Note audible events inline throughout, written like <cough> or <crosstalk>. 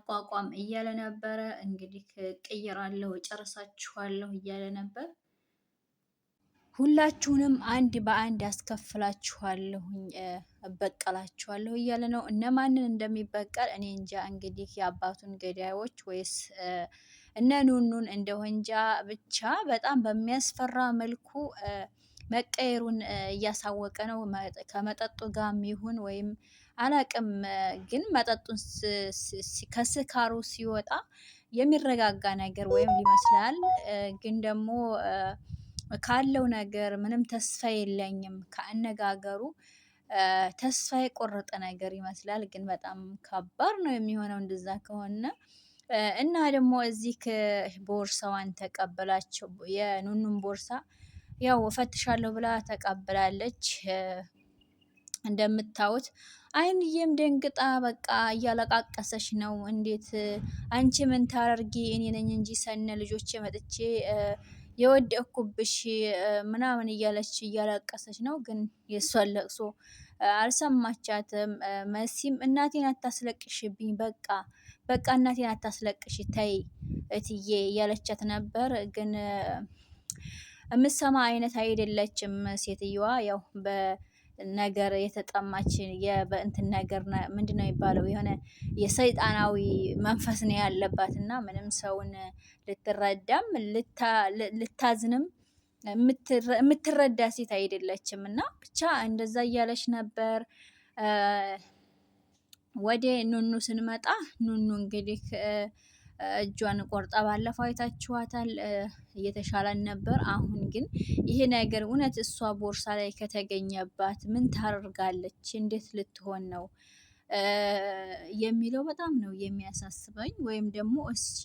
አቋቋም እያለ ነበረ። እንግዲህ ቅይራለሁ፣ ጨርሳችኋለሁ እያለ ነበር። ሁላችሁንም አንድ በአንድ አስከፍላችኋለሁኝ እበቀላችኋለሁ እያለ ነው። እነማንን እንደሚበቀል እኔ እንጃ። እንግዲህ የአባቱን ገዳዮች ወይስ እነ ኑኑን እንደሆንጃ ብቻ በጣም በሚያስፈራ መልኩ መቀየሩን እያሳወቀ ነው። ከመጠጡ ጋርም ይሁን ወይም አላቅም፣ ግን መጠጡን ከስካሩ ሲወጣ የሚረጋጋ ነገር ወይም ይመስላል። ግን ደግሞ ካለው ነገር ምንም ተስፋ የለኝም ከአነጋገሩ ተስፋ የቆረጠ ነገር ይመስላል። ግን በጣም ከባድ ነው የሚሆነው እንደዛ ከሆነ እና ደግሞ እዚህ ቦርሳዋን ተቀበላቸው የኑኑን ቦርሳ ያው እፈትሻለሁ ብላ ተቀብላለች። እንደምታዩት አይንዬም ደንግጣ በቃ እያለቃቀሰች ነው። እንዴት አንቺ ምን ታረርጊ? እኔ ነኝ እንጂ ሰነ ልጆቼ መጥቼ የወደኩብሽ ምናምን እያለች እያለቀሰች ነው። ግን የእሷን ለቅሶ አልሰማቻትም። መሲም እናቴን አታስለቅሽብኝ፣ በቃ በቃ እናቴን አታስለቅሽ ተይ እትዬ እያለቻት ነበር ግን የምትሰማ አይነት አይደለችም ሴትየዋ። ያው በነገር የተጠማች በእንትን ነገር ምንድን ነው የሚባለው የሆነ የሰይጣናዊ መንፈስ ነው ያለባት እና ምንም ሰውን ልትረዳም ልታዝንም የምትረዳ ሴት አይደለችም እና ብቻ እንደዛ እያለች ነበር። ወደ ኑኑ ስንመጣ ኑኑ እንግዲህ እጇን ቆርጣ ባለፈው አይታችኋታል። እየተሻለን ነበር። አሁን ግን ይሄ ነገር እውነት እሷ ቦርሳ ላይ ከተገኘባት ምን ታደርጋለች? እንዴት ልትሆን ነው የሚለው በጣም ነው የሚያሳስበኝ። ወይም ደግሞ እስቺ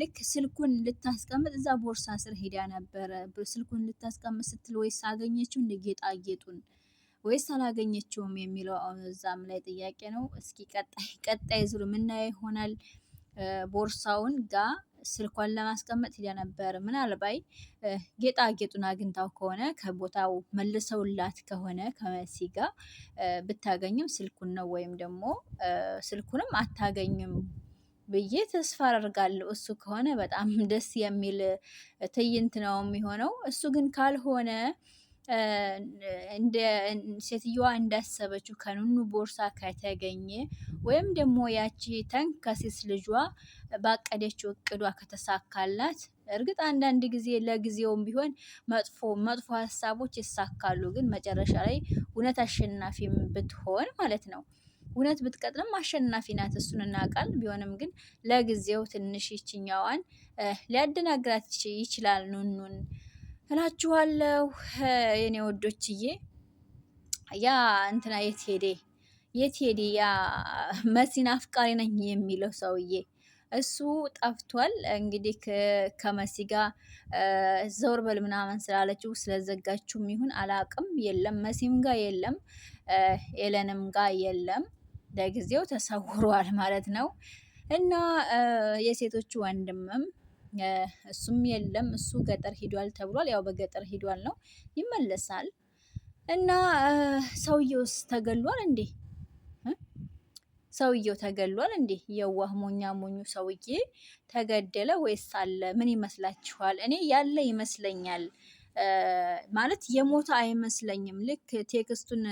ልክ ስልኩን ልታስቀምጥ እዛ ቦርሳ ስር ሄዳ ነበረ። ስልኩን ልታስቀምጥ ስትል ወይስ አገኘችው እንደ ጌጣጌጡን ወይስ አላገኘችውም የሚለው እዛም ላይ ጥያቄ ነው። እስኪ ቀጣይ ቀጣይ ዙር ምናየው ይሆናል። ቦርሳውን ጋ ስልኳን ለማስቀመጥ ሄዳ ነበር። ምናልባይ ጌጣጌጡን አግኝታው ከሆነ ከቦታው መልሰውላት ከሆነ ከመሲ ጋር ብታገኝም ስልኩን ነው ወይም ደግሞ ስልኩንም አታገኝም ብዬ ተስፋ አደርጋለሁ። እሱ ከሆነ በጣም ደስ የሚል ትዕይንት ነው የሚሆነው። እሱ ግን ካልሆነ ሴትየዋ እንዳሰበችው ከኑኑ ቦርሳ ከተገኘ ወይም ደግሞ ያቺ ተንከሲስ ልጇ ባቀደችው እቅዷ ከተሳካላት እርግጥ አንዳንድ ጊዜ ለጊዜውም ቢሆን መጥፎ መጥፎ ሀሳቦች ይሳካሉ። ግን መጨረሻ ላይ እውነት አሸናፊም ብትሆን ማለት ነው እውነት ብትቀጥልም አሸናፊ ናት። እሱን እናውቃል። ቢሆንም ግን ለጊዜው ትንሽ ይችኛዋን ሊያደናግራት ይችላል ኑኑን እላችኋለሁ የኔ ወዶችዬ። ያ እንትና የት ሄዴ የት ሄዴ ያ መሲን አፍቃሪ ነኝ የሚለው ሰውዬ እሱ ጠፍቷል። እንግዲህ ከመሲ ጋር ዘውር በል ምናምን ስላለችው ስለዘጋችሁም ይሁን አላቅም። የለም መሲም ጋር የለም፣ ኤለንም ጋር የለም። ለጊዜው ተሰውሯል ማለት ነው እና የሴቶቹ ወንድምም እሱም የለም እሱ ገጠር ሂዷል ተብሏል። ያው በገጠር ሂዷል ነው ይመለሳል። እና ሰውየውስ ተገሏል እንዴ? ሰውየው ተገሏል እንዴ? የዋህ ሞኛ ሞኙ ሰውዬ ተገደለ ወይስ አለ? ምን ይመስላችኋል? እኔ ያለ ይመስለኛል። ማለት የሞተ አይመስለኝም። ልክ ቴክስቱን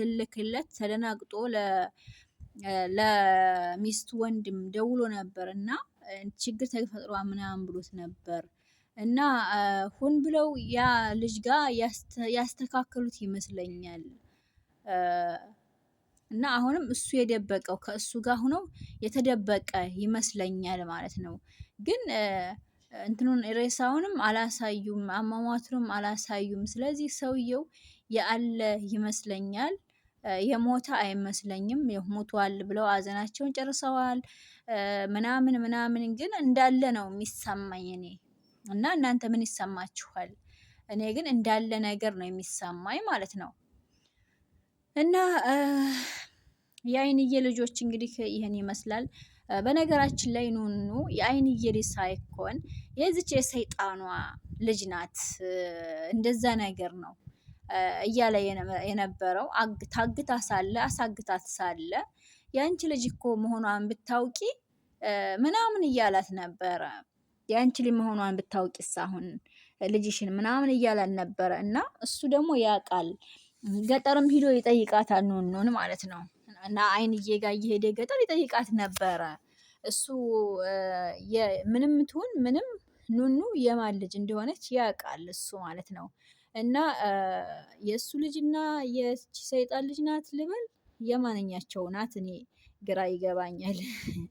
ስልክለት ተደናግጦ ለሚስቱ ወንድም ደውሎ ነበር እና ችግር ተፈጥሯ ምናምን ብሎት ነበር እና ሁን ብለው ያ ልጅ ጋር ያስተካከሉት ይመስለኛል። እና አሁንም እሱ የደበቀው ከእሱ ጋር ሆነው የተደበቀ ይመስለኛል ማለት ነው። ግን እንትኑን ሬሳውንም አላሳዩም፣ አሟሟቱንም አላሳዩም። ስለዚህ ሰውየው ያለ ይመስለኛል። የሞተ አይመስለኝም። ሞቷል ብለው አዘናቸውን ጨርሰዋል ምናምን ምናምን፣ ግን እንዳለ ነው የሚሰማኝ እኔ እና እናንተ ምን ይሰማችኋል? እኔ ግን እንዳለ ነገር ነው የሚሰማኝ ማለት ነው። እና የአይንዬ ልጆች እንግዲህ ይህን ይመስላል። በነገራችን ላይ ኑኑ የአይንዬ ልጅ ሳይኮን የዚች የሰይጣኗ ልጅ ናት። እንደዛ ነገር ነው እያለ የነበረው ታግታ ሳለ አሳግታት ሳለ የአንቺ ልጅ እኮ መሆኗን ብታውቂ ምናምን እያላት ነበረ። የአንቺ ልጅ መሆኗን ብታውቂ ሳሁን ልጅሽን ምናምን እያላት ነበረ። እና እሱ ደግሞ ያውቃል። ገጠርም ሂዶ ይጠይቃታል። ኑኑን ማለት ነው እና አይንዬ ጋር እየሄደ ገጠር ይጠይቃት ነበረ። እሱ ምንም ትሁን ምንም ኑኑ የማን ልጅ እንደሆነች ያውቃል እሱ ማለት ነው። እና የእሱ ልጅና የቺ ሰይጣን ልጅ ናት ልበል የማንኛቸው ናት? እኔ ግራ ይገባኛል። <laughs>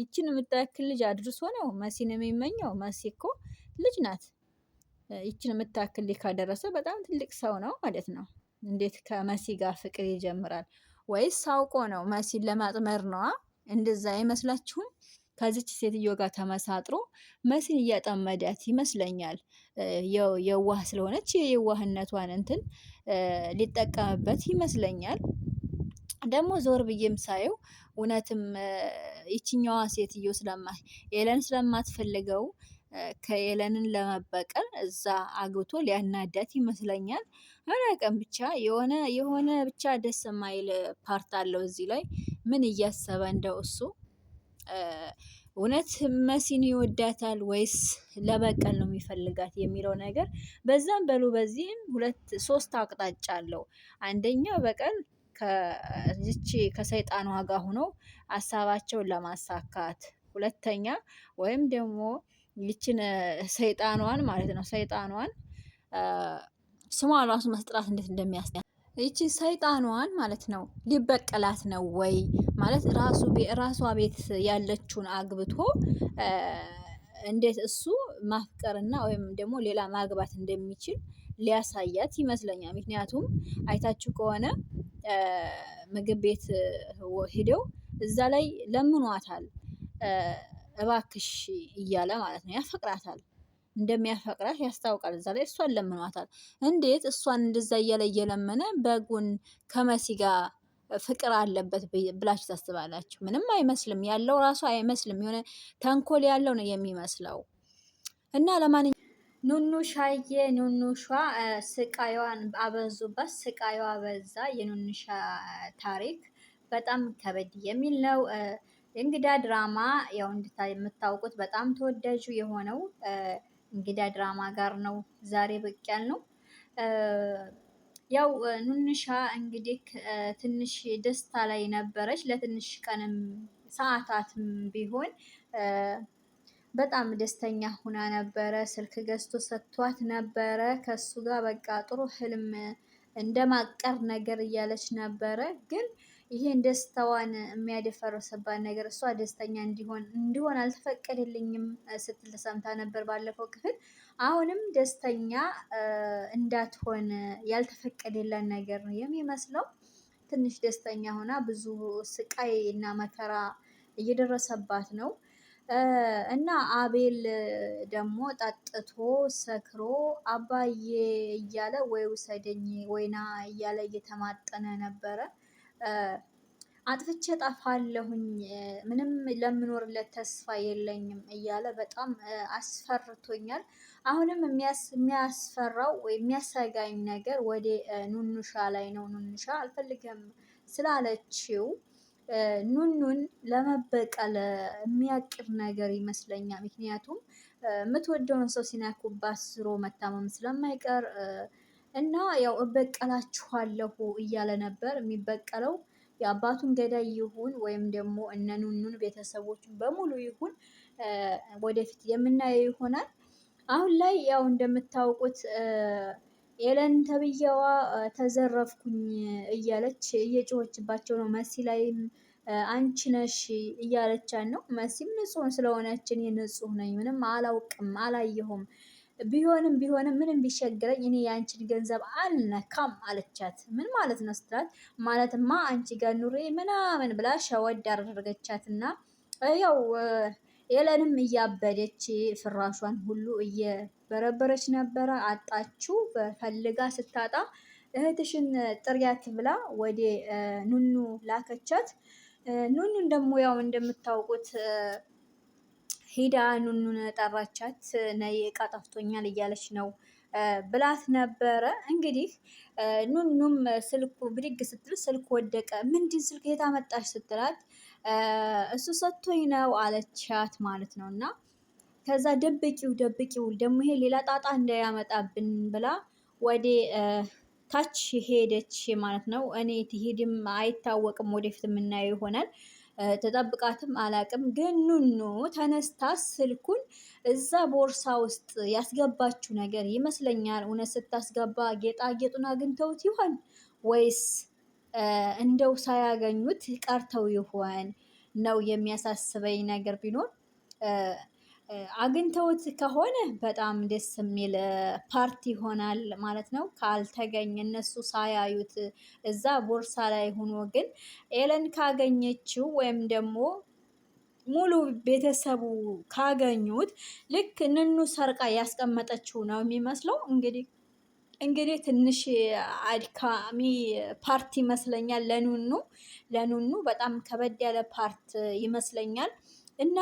ይችን የምታክል ልጅ አድርሶ ነው መሲን የሚመኘው። መሲ እኮ ልጅ ናት። ይችን የምታክል ልጅ ካደረሰ በጣም ትልቅ ሰው ነው ማለት ነው። እንዴት ከመሲ ጋር ፍቅር ይጀምራል? ወይስ አውቆ ነው መሲን ለማጥመር ነዋ? እንደዛ አይመስላችሁም? ከዚች ሴትዮ ጋር ተመሳጥሮ መሲን እያጠመዳት ይመስለኛል። የዋህ ስለሆነች የዋህነቷን እንትን ሊጠቀምበት ይመስለኛል። ደግሞ ዞር ብዬም ሳየው እውነትም ይችኛዋ ሴትዮ ስለማ ኤለን ስለማትፈልገው ከኤለንን ለመበቀል እዛ አግብቶ ሊያናዳት ይመስለኛል። አላቀም ብቻ የሆነ የሆነ ብቻ ደስ የማይል ፓርት አለው እዚህ ላይ ምን እያሰበ እንደው እሱ እውነት መሲን ይወዳታል ወይስ ለበቀል ነው የሚፈልጋት የሚለው ነገር በዛም በሉ በዚህም ሁለት ሶስት አቅጣጫ አለው። አንደኛ በቀል ከዚች ከሰይጣኗ ዋጋ ሁኖ ሀሳባቸውን ለማሳካት፣ ሁለተኛ ወይም ደግሞ ይችን ሰይጣኗን ማለት ነው ሰይጣኗን ስሟ ራሱ መስጥራት እንዴት እንደሚያስ ይቺ ሰይጣኗን ማለት ነው ሊበቀላት ነው ወይ ማለት ራሱ ራሷ ቤት ያለችውን አግብቶ እንዴት እሱ ማፍቀርና ወይም ደግሞ ሌላ ማግባት እንደሚችል ሊያሳያት ይመስለኛል። ምክንያቱም አይታችሁ ከሆነ ምግብ ቤት ሂደው እዛ ላይ ለምኗታል እባክሽ እያለ ማለት ነው ያፈቅራታል። እንደሚያፈቅራት ያስታውቃል። እዛ ላይ እሷን ለምኗታል። እንዴት እሷን እንደዛ እያለ እየለመነ በጎን ከመሲ ጋር ፍቅር አለበት ብላችሁ ታስባላችሁ? ምንም አይመስልም። ያለው ራሱ አይመስልም። የሆነ ተንኮል ያለው ነው የሚመስለው እና ለማንኛ ኑኑ ኑኑሿ ስቃዩዋን አበዙበት። ስቃዩዋ በዛ። የኑኑሻ ታሪክ በጣም ከበድ የሚል ነው። እንግዳ ድራማ ያው የምታውቁት በጣም ተወዳጁ የሆነው እንግዳ ድራማ ጋር ነው ዛሬ ብቅ ያልነው። ያው ኑንሻ እንግዲህ ትንሽ ደስታ ላይ ነበረች። ለትንሽ ቀንም ሰዓታትም ቢሆን በጣም ደስተኛ ሁና ነበረ። ስልክ ገዝቶ ሰጥቷት ነበረ። ከሱ ጋር በቃ ጥሩ ህልም እንደማቀር ነገር እያለች ነበረ ግን ይሄን ደስታዋን የሚያደፈርስባት ነገር እሷ ደስተኛ እንዲሆን እንዲሆን አልተፈቀደልኝም ስትል ሰምታ ነበር ባለፈው ክፍል። አሁንም ደስተኛ እንዳትሆን ያልተፈቀደላን ነገር ነው የሚመስለው። ትንሽ ደስተኛ ሆና ብዙ ስቃይ እና መከራ እየደረሰባት ነው። እና አቤል ደግሞ ጠጥቶ ሰክሮ አባዬ እያለ ወይ ውሰደኝ ወይና እያለ እየተማጠነ ነበረ። አጥፍቼ ጠፋለሁኝ ምንም ለምኖርለት ተስፋ የለኝም እያለ በጣም አስፈርቶኛል። አሁንም የሚያስፈራው የሚያሰጋኝ ነገር ወደ ኑኑሻ ላይ ነው። ኑኑሻ አልፈልግም ስላለችው ኑኑን ለመበቀል የሚያቅድ ነገር ይመስለኛል። ምክንያቱም የምትወደውን ሰው ሲናኩባት ዝሮ መታመም ስለማይቀር እና ያው እበቀላችኋለሁ እያለ ነበር የሚበቀለው። የአባቱን ገዳይ ይሁን ወይም ደግሞ እነ ኑኑን ቤተሰቦቹን በሙሉ ይሁን ወደፊት የምናየው ይሆናል። አሁን ላይ ያው እንደምታውቁት ኤለን ተብዬዋ ተዘረፍኩኝ እያለች እየጮኸችባቸው ነው። መሲ ላይም አንቺ ነሽ እያለቻን ነው። መሲም ንጹህ ስለሆነችን ንጹህ ነኝ ምንም አላውቅም አላየሁም ቢሆንም ቢሆንም ምንም ቢቸግረኝ እኔ የአንቺን ገንዘብ አልነካም አለቻት። ምን ማለት ነው ስትላት ማለትማ አንቺ ጋር ኑሬ ምናምን ብላ ሸወድ አደረገቻትና ያው ኤለንም እያበደች ፍራሿን ሁሉ እየበረበረች ነበረ። አጣችው ፈልጋ ስታጣ እህትሽን ጥሪያት ብላ ወደ ኑኑ ላከቻት። ኑኑን ደግሞ ያው እንደምታውቁት ሂዳ ኑኑን ጠራቻት። ነይ እቃ ጠፍቶኛል እያለች ነው ብላት ነበረ። እንግዲህ ኑኑም ስልኩ ብድግ ስትል ስልክ ወደቀ። ምንድን ስልክ የታመጣሽ ስትላት እሱ ሰጥቶኝ ነው አለቻት ማለት ነው። እና ከዛ ደብቂው ደብቂው ደግሞ ይሄ ሌላ ጣጣ እንዳያመጣብን ብላ ወደ ታች ሄደች ማለት ነው። እኔ ትሄድም አይታወቅም፣ ወደፊት የምናየው ይሆናል። ተጠብቃትም አላቅም። ግን ኑኑ ተነስታ ስልኩን እዛ ቦርሳ ውስጥ ያስገባችው ነገር ይመስለኛል። እውነት ስታስገባ ጌጣጌጡን አግኝተውት ይሆን ወይስ እንደው ሳያገኙት ቀርተው ይሆን ነው የሚያሳስበኝ ነገር ቢኖር አግኝተውት ከሆነ በጣም ደስ የሚል ፓርቲ ይሆናል ማለት ነው። ካልተገኘ እነሱ ሳያዩት እዛ ቦርሳ ላይ ሆኖ ግን ኤለን ካገኘችው ወይም ደግሞ ሙሉ ቤተሰቡ ካገኙት ልክ ንኑ ሰርቃ ያስቀመጠችው ነው የሚመስለው። እንግዲህ እንግዲህ ትንሽ አድካሚ ፓርቲ ይመስለኛል ለኑኑ ለኑኑ በጣም ከበድ ያለ ፓርት ይመስለኛል። እና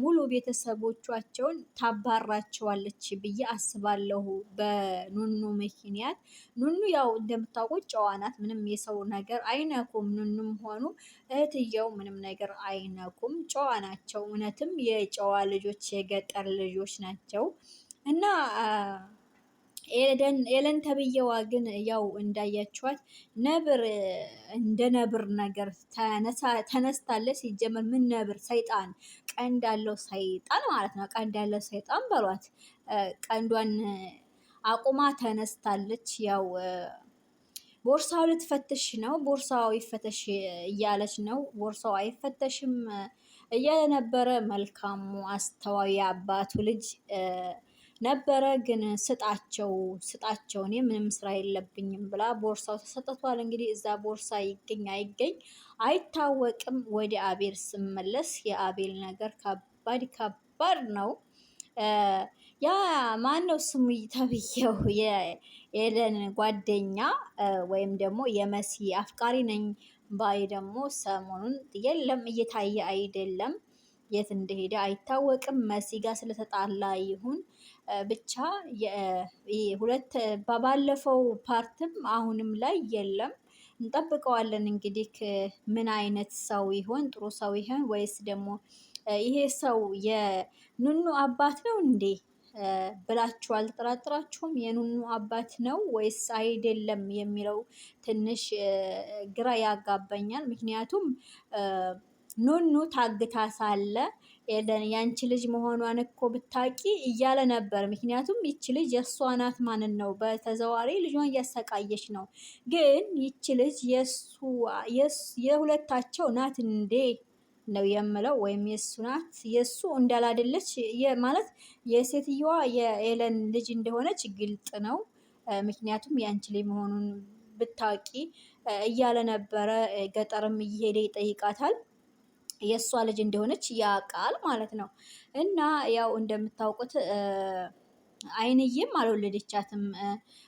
ሙሉ ቤተሰቦቿቸውን ታባራቸዋለች ብዬ አስባለሁ በኑኑ ምክንያት። ኑኑ ያው እንደምታውቁት ጨዋ ናት። ምንም የሰው ነገር አይነኩም። ኑኑም ሆኑ እህትየው ምንም ነገር አይነኩም። ጨዋ ናቸው። እውነትም የጨዋ ልጆች የገጠር ልጆች ናቸው እና ኤለን ተብዬዋ ግን ያው እንዳያችኋት ነብር እንደ ነብር ነገር ተነስታለች። ሲጀመር ምን ነብር ሰይጣን፣ ቀንድ ያለው ሰይጣን ማለት ነው። ቀንድ ያለው ሰይጣን በሏት። ቀንዷን አቁማ ተነስታለች። ያው ቦርሳው ልትፈትሽ ነው። ቦርሳው ይፈተሽ እያለች ነው። ቦርሳው አይፈተሽም እያለ ነበረ መልካሙ አስተዋይ አባቱ ልጅ ነበረ። ግን ስጣቸው ስጣቸው እኔ ምንም ስራ የለብኝም ብላ ቦርሳው ተሰጥቷል። እንግዲህ እዛ ቦርሳ ይገኝ አይገኝ አይታወቅም። ወደ አቤል ስመለስ የአቤል ነገር ከባድ ከባድ ነው። ያ ማን ነው ስሙ ተብዬው የኤደን ጓደኛ ወይም ደግሞ የመሲ አፍቃሪ ነኝ ባይ ደግሞ ሰሞኑን የለም እየታየ አይደለም፣ የት እንደሄደ አይታወቅም። መሲ ጋር ስለተጣላ ይሁን ብቻ ሁለት ባለፈው ፓርትም አሁንም ላይ የለም። እንጠብቀዋለን እንግዲህ ምን አይነት ሰው ይሆን? ጥሩ ሰው ይሆን ወይስ ደግሞ ይሄ ሰው የኑኑ አባት ነው እንዴ ብላችሁ አልጠራጥራችሁም? የኑኑ አባት ነው ወይስ አይደለም የሚለው ትንሽ ግራ ያጋባኛል። ምክንያቱም ኑኑ ታግታ ሳለ ኤደን ያንቺ ልጅ መሆኗን እኮ ብታቂ እያለ ነበር። ምክንያቱም ይቺ ልጅ የእሷ ናት ማንን ነው በተዘዋሪ ልጇን እያሰቃየች ነው። ግን ይቺ ልጅ የሁለታቸው ናት እንዴ ነው የምለው። ወይም የእሱ ናት የእሱ እንዳላደለች ማለት የሴትየዋ የኤለን ልጅ እንደሆነች ግልጥ ነው። ምክንያቱም ያንቺ ልጅ መሆኑን ብታቂ እያለ ነበረ። ገጠርም እየሄደ ይጠይቃታል። የእሷ ልጅ እንደሆነች ያውቃል ማለት ነው። እና ያው እንደምታውቁት አይንዬም አልወለደቻትም።